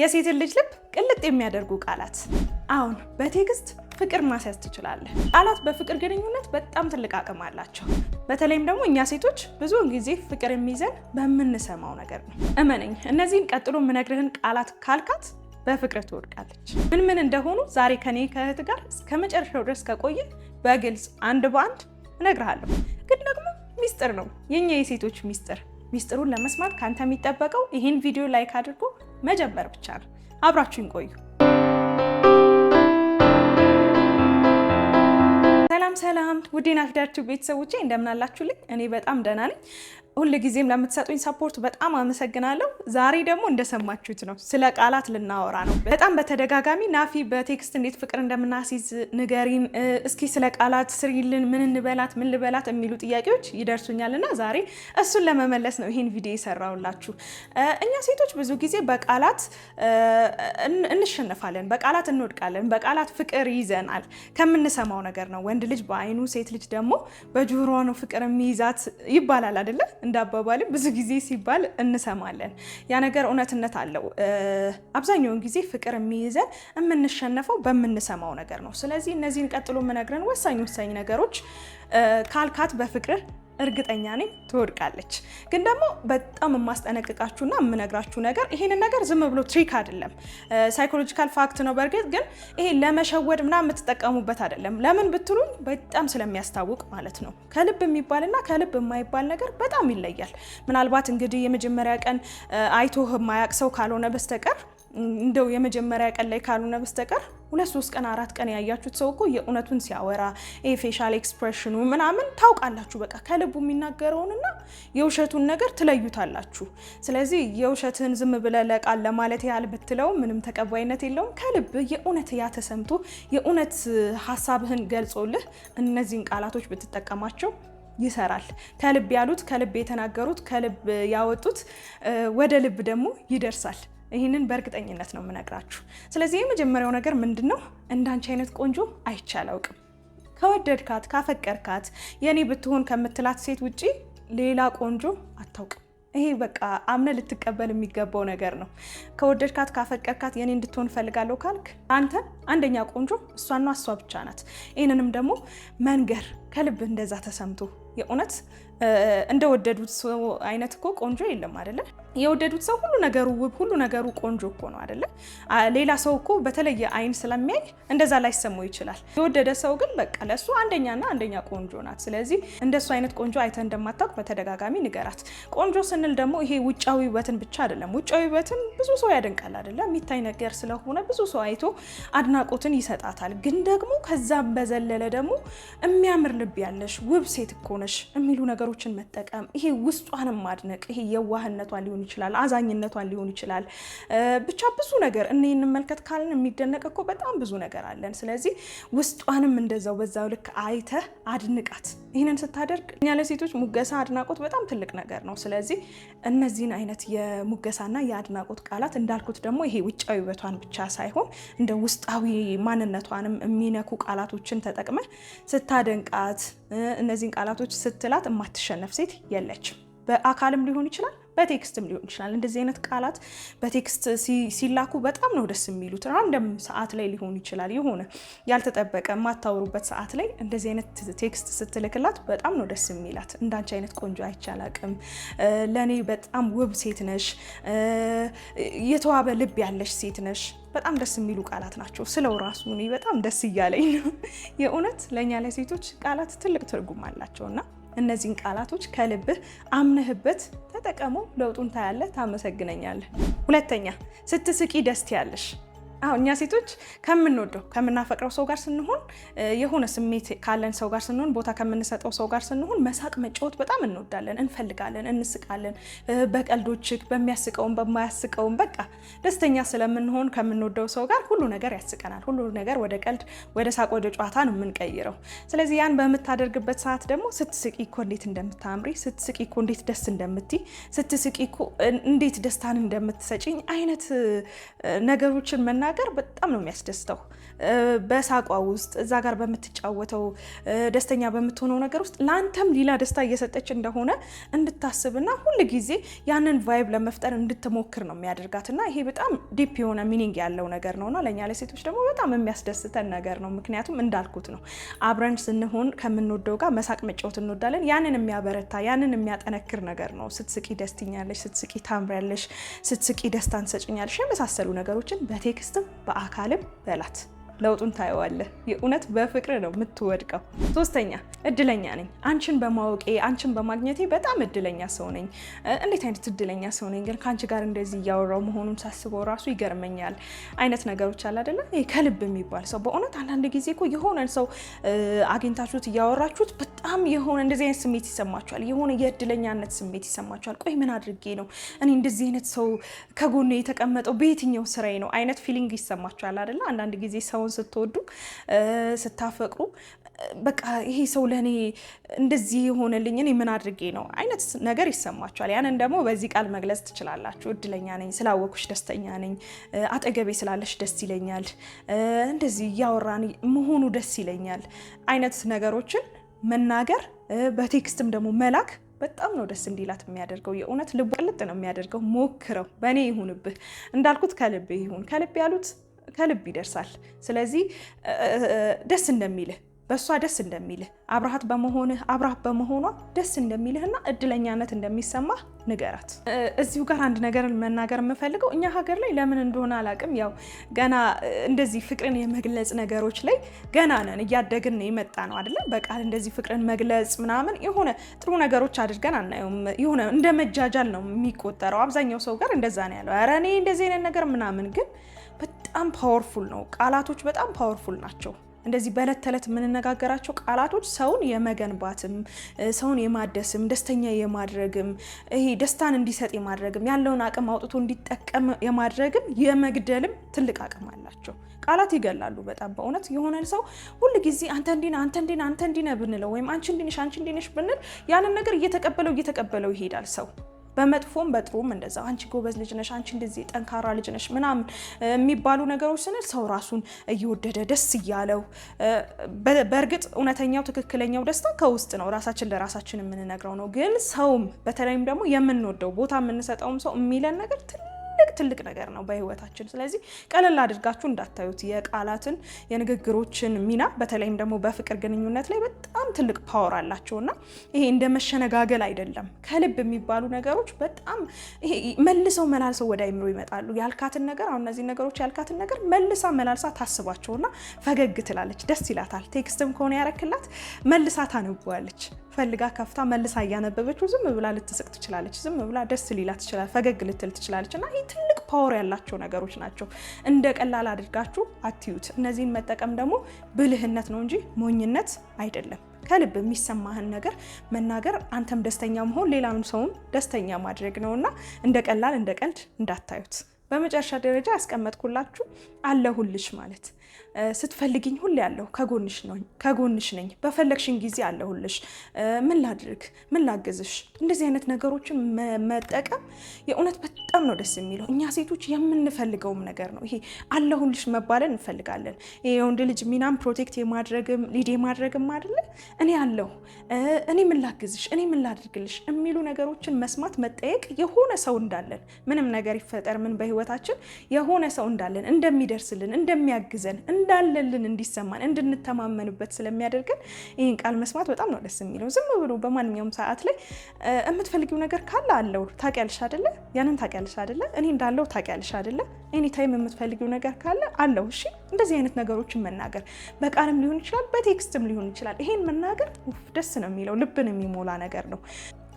የሴትን ልጅ ልብ ቅልጥ የሚያደርጉ ቃላት። አሁን በቴክስት ፍቅር ማስያዝ ትችላለህ። ቃላት በፍቅር ግንኙነት በጣም ትልቅ አቅም አላቸው። በተለይም ደግሞ እኛ ሴቶች ብዙውን ጊዜ ፍቅር የሚይዘን በምንሰማው ነገር ነው። እመነኝ፣ እነዚህን ቀጥሎ የምነግርህን ቃላት ካልካት በፍቅር ትወድቃለች። ምን ምን እንደሆኑ ዛሬ ከኔ ከእህት ጋር እስከ መጨረሻው ድረስ ከቆየ በግልጽ አንድ በአንድ እነግርሃለሁ። ግን ደግሞ ሚስጥር ነው፣ የእኛ የሴቶች ሚስጥር። ሚስጥሩን ለመስማት ከአንተ የሚጠበቀው ይህን ቪዲዮ ላይክ አድርጎ መጀመር ብቻ ነው። አብራችሁን ቆዩ። ሰላም ሰላም፣ ውዴና ፊዳችሁ ቤተሰቦቼ እንደምን አላችሁልኝ? እኔ በጣም ደህና ነኝ። ጊዜም ለምትሰጡኝ ሰፖርት በጣም አመሰግናለሁ። ዛሬ ደግሞ እንደሰማችሁት ነው፣ ስለ ቃላት ልናወራ ነው። በጣም በተደጋጋሚ ናፊ በቴክስት እንዴት ፍቅር እንደምናስይዝ ንገሪን እስኪ፣ ስለ ቃላት ስሪልን፣ ምን እንበላት፣ ምን ልበላት የሚሉ ጥያቄዎች ይደርሱኛል እና ዛሬ እሱን ለመመለስ ነው ይህን ቪዲዮ የሰራውላችሁ። እኛ ሴቶች ብዙ ጊዜ በቃላት እንሸነፋለን፣ በቃላት እንወድቃለን፣ በቃላት ፍቅር ይዘናል ከምንሰማው ነገር ነው። ወንድ ልጅ በአይኑ ሴት ልጅ ደግሞ በጆሮ ነው ፍቅር የሚይዛት ይባላል አይደለም እንደ አባባልም ብዙ ጊዜ ሲባል እንሰማለን። ያ ነገር እውነትነት አለው። አብዛኛውን ጊዜ ፍቅር የሚይዘን የምንሸነፈው በምንሰማው ነገር ነው። ስለዚህ እነዚህን ቀጥሎ የምነግረን ወሳኝ ወሳኝ ነገሮች ካልካት በፍቅር እርግጠኛ ነኝ ትወድቃለች። ግን ደግሞ በጣም የማስጠነቅቃችሁና የምነግራችሁ ነገር ይሄንን ነገር ዝም ብሎ ትሪክ አይደለም፣ ሳይኮሎጂካል ፋክት ነው። በእርግጥ ግን ይሄ ለመሸወድ ምናምን የምትጠቀሙበት አይደለም። ለምን ብትሉኝ በጣም ስለሚያስታውቅ ማለት ነው። ከልብ የሚባልና ከልብ የማይባል ነገር በጣም ይለያል። ምናልባት እንግዲህ የመጀመሪያ ቀን አይቶ የማያቅ ሰው ካልሆነ በስተቀር እንደው የመጀመሪያ ቀን ላይ ካልሆነ በስተቀር ሁለት ሶስት ቀን አራት ቀን ያያችሁት ሰው እኮ የእውነቱን ሲያወራ ፌሻል ኤክስፕሬሽኑ ምናምን ታውቃላችሁ። በቃ ከልቡ የሚናገረውንና የውሸቱን ነገር ትለዩታላችሁ። ስለዚህ የውሸትን ዝም ብለ ለቃል ለማለት ያህል ብትለው ምንም ተቀባይነት የለውም። ከልብ የእውነት ያተሰምቶ የእውነት ሀሳብህን ገልጾልህ እነዚህን ቃላቶች ብትጠቀማቸው ይሰራል። ከልብ ያሉት ከልብ የተናገሩት ከልብ ያወጡት ወደ ልብ ደግሞ ይደርሳል። ይህንን በእርግጠኝነት ነው የምነግራችሁ። ስለዚህ የመጀመሪያው ነገር ምንድን ነው? እንዳንቺ አይነት ቆንጆ አይቼ አላውቅም። ከወደድካት ካፈቀርካት የኔ ብትሆን ከምትላት ሴት ውጪ ሌላ ቆንጆ አታውቅም። ይሄ በቃ አምነ ልትቀበል የሚገባው ነገር ነው። ከወደድካት ካፈቀርካት የኔ እንድትሆን ፈልጋለሁ ካልክ አንተ አንደኛ ቆንጆ እሷና እሷ ብቻ ናት። ይህንንም ደግሞ መንገር ከልብ እንደዛ ተሰምቶ የእውነት እንደወደዱት ሰው አይነት እኮ ቆንጆ የለም አይደለ? የወደዱት ሰው ሁሉ ነገሩ ውብ፣ ሁሉ ነገሩ ቆንጆ እኮ ነው አይደለ? ሌላ ሰው እኮ በተለየ አይን ስለሚያይ እንደዛ ላይሰማው ይችላል። የወደደ ሰው ግን በቃ ለእሱ አንደኛና አንደኛ ቆንጆ ናት። ስለዚህ እንደሱ አይነት ቆንጆ አይተ እንደማታውቅ በተደጋጋሚ ንገራት። ቆንጆ ስንል ደግሞ ይሄ ውጫዊ ውበትን ብቻ አይደለም። ውጫዊ ውበትን ብዙ ሰው ያደንቃል አይደለ? የሚታይ ነገር ስለሆነ ብዙ ሰው አይቶ አድና አድናቆትን ይሰጣታል። ግን ደግሞ ከዛ በዘለለ ደግሞ የሚያምር ልብ ያለሽ ውብ ሴት እኮ ነሽ የሚሉ ነገሮችን መጠቀም፣ ይሄ ውስጧንም ማድነቅ፣ ይሄ የዋህነቷን ሊሆን ይችላል፣ አዛኝነቷን ሊሆን ይችላል። ብቻ ብዙ ነገር እኔ እንመልከት ካልን የሚደነቅ እኮ በጣም ብዙ ነገር አለን። ስለዚህ ውስጧንም እንደዛው በዛው ልክ አይተህ አድንቃት። ይህንን ስታደርግ እኛ ለሴቶች ሙገሳ፣ አድናቆት በጣም ትልቅ ነገር ነው። ስለዚህ እነዚህን አይነት የሙገሳና የአድናቆት ቃላት እንዳልኩት ደግሞ ይሄ ውጫዊ ውበቷን ብቻ ሳይሆን እንደ ውስጣዊ ማንነቷንም የሚነኩ ቃላቶችን ተጠቅመ ስታደንቃት እነዚህን ቃላቶች ስትላት የማትሸነፍ ሴት የለችም። በአካልም ሊሆን ይችላል በቴክስትም ሊሆን ይችላል። እንደዚህ አይነት ቃላት በቴክስት ሲላኩ በጣም ነው ደስ የሚሉት። ራንደም ሰዓት ላይ ሊሆን ይችላል የሆነ ያልተጠበቀ የማታወሩበት ሰዓት ላይ እንደዚህ አይነት ቴክስት ስትልክላት በጣም ነው ደስ የሚላት። እንዳንቺ አይነት ቆንጆ አይቻላቅም፣ ለእኔ በጣም ውብ ሴት ነሽ፣ የተዋበ ልብ ያለሽ ሴት ነሽ። በጣም ደስ የሚሉ ቃላት ናቸው። ስለው ራሱ እኔ በጣም ደስ እያለኝ ነው የእውነት። ለእኛ ለሴቶች ቃላት ትልቅ ትርጉም አላቸውና እነዚህን ቃላቶች ከልብህ አምነህበት ተጠቀሙ። ለውጡን ታያለህ፣ ታመሰግነኛለህ። ሁለተኛ ስትስቂ ደስ ያለሽ አሁን እኛ ሴቶች ከምንወደው ከምናፈቅረው ሰው ጋር ስንሆን የሆነ ስሜት ካለን ሰው ጋር ስንሆን ቦታ ከምንሰጠው ሰው ጋር ስንሆን መሳቅ መጫወት በጣም እንወዳለን፣ እንፈልጋለን፣ እንስቃለን። በቀልዶች በሚያስቀውም በማያስቀውም በቃ ደስተኛ ስለምንሆን ከምንወደው ሰው ጋር ሁሉ ነገር ያስቀናል። ሁሉ ነገር ወደ ቀልድ፣ ወደ ሳቅ፣ ወደ ጨዋታ ነው የምንቀይረው። ስለዚህ ያን በምታደርግበት ሰዓት ደግሞ ስትስቂ እኮ እንዴት እንደምታምሪ፣ ስትስቂ እኮ እንዴት ደስ እንደምትይ፣ ስትስቂ እኮ እንዴት ደስታን እንደምትሰጪኝ አይነት ነገሮችን መና መናገር በጣም ነው የሚያስደስተው። በሳቋ ውስጥ እዛ ጋር በምትጫወተው ደስተኛ በምትሆነው ነገር ውስጥ ለአንተም ሌላ ደስታ እየሰጠች እንደሆነ እንድታስብና ሁል ጊዜ ያንን ቫይብ ለመፍጠር እንድትሞክር ነው የሚያደርጋት እና ይሄ በጣም ዲፕ የሆነ ሚኒንግ ያለው ነገር ነው ነውና ለእኛ ለሴቶች ደግሞ በጣም የሚያስደስተን ነገር ነው። ምክንያቱም እንዳልኩት ነው አብረን ስንሆን ከምንወደው ጋር መሳቅ መጫወት እንወዳለን። ያንን የሚያበረታ ያንን የሚያጠነክር ነገር ነው። ስትስቂ ደስትኛለሽ፣ ስትስቂ ታምሪያለሽ፣ ስትስቂ ደስታን ሰጭኛለሽ የመሳሰሉ ነገሮችን በቴክስትም በአካልም በላት። ለውጡን ታየዋለህ። የእውነት በፍቅር ነው የምትወድቀው። ሶስተኛ እድለኛ ነኝ። አንቺን በማወቄ አንቺን በማግኘቴ በጣም እድለኛ ሰው ነኝ። እንዴት አይነት እድለኛ ሰው ነኝ! ግን ከአንቺ ጋር እንደዚህ እያወራው መሆኑን ሳስበው ራሱ ይገርመኛል አይነት ነገሮች አለ አይደለ? ከልብ የሚባል ሰው በእውነት አንዳንድ ጊዜ እኮ የሆነን ሰው አግኝታችሁት እያወራችሁት በጣም የሆነ እንደዚህ አይነት ስሜት ይሰማችኋል። የሆነ የእድለኛነት ስሜት ይሰማችኋል። ቆይ ምን አድርጌ ነው እኔ እንደዚህ አይነት ሰው ከጎኔ የተቀመጠው በየትኛው ስራዬ ነው አይነት ፊሊንግ ይሰማችኋል አይደለ? አንዳንድ ጊዜ ሰው ሰውን ስትወዱ ስታፈቅሩ በቃ ይሄ ሰው ለእኔ እንደዚህ የሆነልኝ እኔ ምን አድርጌ ነው አይነት ነገር ይሰማችኋል። ያንን ደግሞ በዚህ ቃል መግለጽ ትችላላችሁ። እድለኛ ነኝ፣ ስላወኩሽ ደስተኛ ነኝ፣ አጠገቤ ስላለሽ ደስ ይለኛል፣ እንደዚህ እያወራን መሆኑ ደስ ይለኛል አይነት ነገሮችን መናገር በቴክስትም ደግሞ መላክ በጣም ነው ደስ እንዲላት የሚያደርገው። የእውነት ልብ ልጥ ነው የሚያደርገው። ሞክረው። በእኔ ይሁንብህ እንዳልኩት ከልብ ይሁን ከልብ ያሉት ከልብ ይደርሳል። ስለዚህ ደስ እንደሚልህ በእሷ ደስ እንደሚልህ አብረሃት በመሆንህ አብረሃት በመሆኗ ደስ እንደሚልህና እድለኛነት እንደሚሰማህ ንገራት። እዚሁ ጋር አንድ ነገር መናገር የምፈልገው እኛ ሀገር ላይ ለምን እንደሆነ አላውቅም፣ ያው ገና እንደዚህ ፍቅርን የመግለጽ ነገሮች ላይ ገና ነን፣ እያደግን የመጣ ነው አይደለም። በቃል እንደዚህ ፍቅርን መግለጽ ምናምን የሆነ ጥሩ ነገሮች አድርገን አናየውም። የሆነ እንደ መጃጃል ነው የሚቆጠረው። አብዛኛው ሰው ጋር እንደዛ ነው ያለው፣ ኧረ እኔ እንደዚህ አይነት ነገር ምናምን ግን በጣም ፓወርፉል ነው። ቃላቶች በጣም ፓወርፉል ናቸው። እንደዚህ በእለት ተዕለት የምንነጋገራቸው ቃላቶች ሰውን የመገንባትም ሰውን የማደስም ደስተኛ የማድረግም ይሄ ደስታን እንዲሰጥ የማድረግም ያለውን አቅም አውጥቶ እንዲጠቀም የማድረግም የመግደልም ትልቅ አቅም አላቸው። ቃላት ይገላሉ። በጣም በእውነት የሆነ ሰው ሁል ጊዜ አንተ እንዲህ ነህ፣ አንተ እንዲህ ነህ፣ አንተ እንዲህ ነህ ብንለው ወይም አንቺ እንዲህ ነሽ፣ አንቺ እንዲህ ነሽ ብንል ያንን ነገር እየተቀበለው እየተቀበለው ይሄዳል ሰው በመጥፎም በጥሩም እንደዛ አንቺ ጎበዝ ልጅ ነሽ፣ አንቺ እንደዚህ ጠንካራ ልጅ ነሽ ምናምን የሚባሉ ነገሮች ስንል ሰው ራሱን እየወደደ ደስ እያለው በእርግጥ እውነተኛው ትክክለኛው ደስታ ከውስጥ ነው፣ ራሳችን ለራሳችን የምንነግረው ነው። ግን ሰውም በተለይም ደግሞ የምንወደው ቦታ የምንሰጠውም ሰው የሚለን ነገር ትልቅ ትልቅ ነገር ነው በህይወታችን። ስለዚህ ቀለል አድርጋችሁ እንዳታዩት የቃላትን የንግግሮችን ሚና በተለይም ደግሞ በፍቅር ግንኙነት ላይ በጣም ትልቅ ፓወር አላቸው እና ይሄ እንደ መሸነጋገል አይደለም። ከልብ የሚባሉ ነገሮች በጣም ይሄ መልሰው መላልሰው ወደ አይምሮ ይመጣሉ። ያልካትን ነገር አሁን እነዚህ ነገሮች ያልካትን ነገር መልሳ መላልሳ ታስባቸውና ፈገግ ትላለች፣ ደስ ይላታል። ቴክስትም ከሆነ ያረክላት መልሳ ታነበዋለች። ፈልጋ ከፍታ መልሳ እያነበበችው ዝም ብላ ልትስቅ ትችላለች። ዝም ብላ ደስ ሊላ ትችላለች። ፈገግ ልትል ትችላለች። እና ይህ ትልቅ ፓወር ያላቸው ነገሮች ናቸው። እንደ ቀላል አድርጋችሁ አትዩት። እነዚህን መጠቀም ደግሞ ብልህነት ነው እንጂ ሞኝነት አይደለም። ከልብ የሚሰማህን ነገር መናገር፣ አንተም ደስተኛ መሆን፣ ሌላም ሰውም ደስተኛ ማድረግ ነው እና እንደ ቀላል እንደ ቀልድ እንዳታዩት። በመጨረሻ ደረጃ ያስቀመጥኩላችሁ አለሁልሽ ማለት ስትፈልግኝ ሁሌ ያለው ከጎንሽ ነኝ፣ በፈለግሽን ጊዜ አለሁልሽ፣ ምን ላድርግ፣ ምን ላግዝሽ፣ እንደዚህ አይነት ነገሮችን መጠቀም የእውነት በጣም ነው ደስ የሚለው። እኛ ሴቶች የምንፈልገውም ነገር ነው ይሄ አለሁልሽ መባለን እንፈልጋለን። ይሄ የወንድ ልጅ ሚናም ፕሮቴክት የማድረግም ሊድ የማድረግም አይደለ? እኔ አለሁ፣ እኔ ምን ላግዝሽ፣ እኔ ምን ላድርግልሽ የሚሉ ነገሮችን መስማት መጠየቅ የሆነ ሰው እንዳለን ምንም ነገር ይፈጠር ምን በህይወት ህይወታችን የሆነ ሰው እንዳለን እንደሚደርስልን እንደሚያግዘን እንዳለልን እንዲሰማን እንድንተማመንበት ስለሚያደርገን ይህን ቃል መስማት በጣም ነው ደስ የሚለው። ዝም ብሎ በማንኛውም ሰዓት ላይ የምትፈልጊው ነገር ካለ አለው ታውቂያለሽ አይደለ? ያንን ታውቂያለሽ አይደለ? እኔ እንዳለው ታውቂያለሽ አይደለ? ኤኒ ታይም የምትፈልጊው ነገር ካለ አለው። እሺ፣ እንደዚህ አይነት ነገሮችን መናገር በቃልም ሊሆን ይችላል፣ በቴክስትም ሊሆን ይችላል። ይሄን መናገር ደስ ነው የሚለው ልብን የሚሞላ ነገር ነው።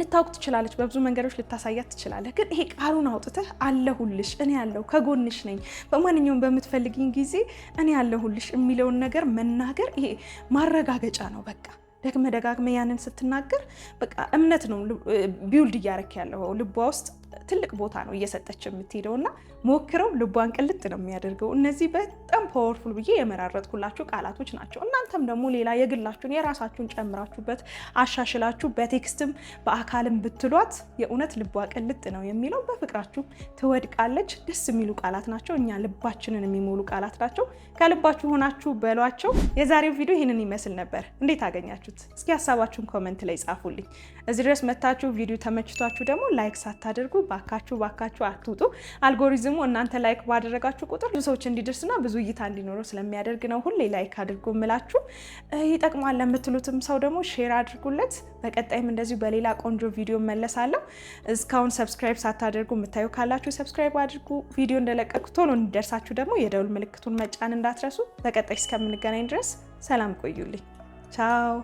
ልታውቅ ትችላለች፣ በብዙ መንገዶች ልታሳያት ትችላለህ። ግን ይሄ ቃሉን አውጥተህ አለሁልሽ፣ እኔ ያለው ከጎንሽ ነኝ፣ በማንኛውም በምትፈልግኝ ጊዜ እኔ ያለሁልሽ የሚለውን ነገር መናገር ይሄ ማረጋገጫ ነው። በቃ ደግመ ደጋግመ ያንን ስትናገር በቃ እምነት ነው ቢውልድ እያረክ ያለው ልቧ ውስጥ ትልቅ ቦታ ነው እየሰጠች የምትሄደው እና ሞክረው ልቧን ቅልጥ ነው የሚያደርገው። እነዚህ በጣም ፓወርፉል ብዬ የመራረጥኩላችሁ ቃላቶች ናቸው። እናንተም ደግሞ ሌላ የግላችሁን የራሳችሁን ጨምራችሁበት አሻሽላችሁ በቴክስትም በአካልም ብትሏት የእውነት ልቧ ቅልጥ ነው የሚለው በፍቅራችሁ ትወድቃለች። ደስ የሚሉ ቃላት ናቸው። እኛ ልባችንን የሚሞሉ ቃላት ናቸው። ከልባችሁ ሆናችሁ በሏቸው። የዛሬው ቪዲዮ ይህንን ይመስል ነበር። እንዴት አገኛችሁት? እስኪ ሀሳባችሁን ኮመንት ላይ ጻፉልኝ። እዚህ ድረስ መታችሁ ቪዲዮ ተመችቷችሁ ደግሞ ላይክ ሳታደርጉ ባካችሁ ባካችሁ አትውጡ። አልጎሪዝሙ እናንተ ላይክ ባደረጋችሁ ቁጥር ብዙ ሰዎች እንዲደርስና ብዙ እይታ እንዲኖረው ስለሚያደርግ ነው ሁሌ ላይክ አድርጉ ምላችሁ። ይጠቅማል ለምትሉትም ሰው ደግሞ ሼር አድርጉለት። በቀጣይም እንደዚሁ በሌላ ቆንጆ ቪዲዮ መለሳለሁ። እስካሁን ሰብስክራይብ ሳታደርጉ የምታዩ ካላችሁ ሰብስክራይብ አድርጉ። ቪዲዮ እንደለቀኩ ቶሎ እንዲደርሳችሁ ደግሞ የደውል ምልክቱን መጫን እንዳትረሱ። በቀጣይ እስከምንገናኝ ድረስ ሰላም ቆዩልኝ። ቻው